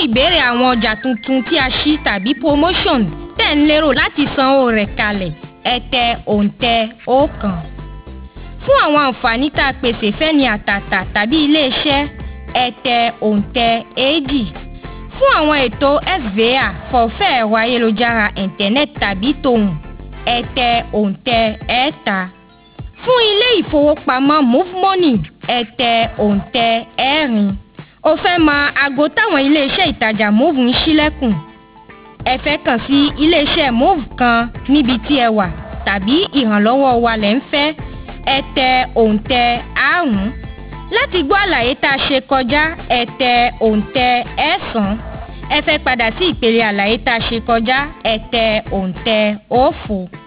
fún ìbéèrè àwọn ọjà tuntun tí a ṣí tàbí promotion tẹ̀ ń lérò láti sanwó rẹ̀ kalẹ̀ ẹ tẹ òǹtẹ̀ ọ̀kan. fún àwọn àǹfààní tá a pèsè fẹ́ni àtàtà tàbí iléeṣẹ́ ẹ tẹ òǹtẹ̀ èjì. fún àwọn ètò SVA fọ̀fẹ́ ẹ̀rọ ayélujára íńtánẹ́ẹ̀tì tàbí tòun ẹ tẹ òǹtẹ̀ ẹ̀ta. fún ilé ìfowópamọ́ move money ẹ tẹ òǹtẹ̀ ẹ̀rin o fẹ́ mọ aago táwọn iléeṣẹ́ ìtajà Move ń ṣílẹ̀kùn ẹ fẹ́ kàn sí iléeṣẹ́ Move kan níbi tí ẹ wà tàbí ìrànlọ́wọ́ wa lẹ́ ń fẹ́ ẹ tẹ òǹtẹ̀ àrún láti gbọ́ àlàyé tá a ṣe kọjá ẹ tẹ òǹtẹ̀ ẹ̀sán ẹ fẹ́ padà sí ìpele àlàyé tá a ṣe kọjá ẹ tẹ òǹtẹ̀ òfo.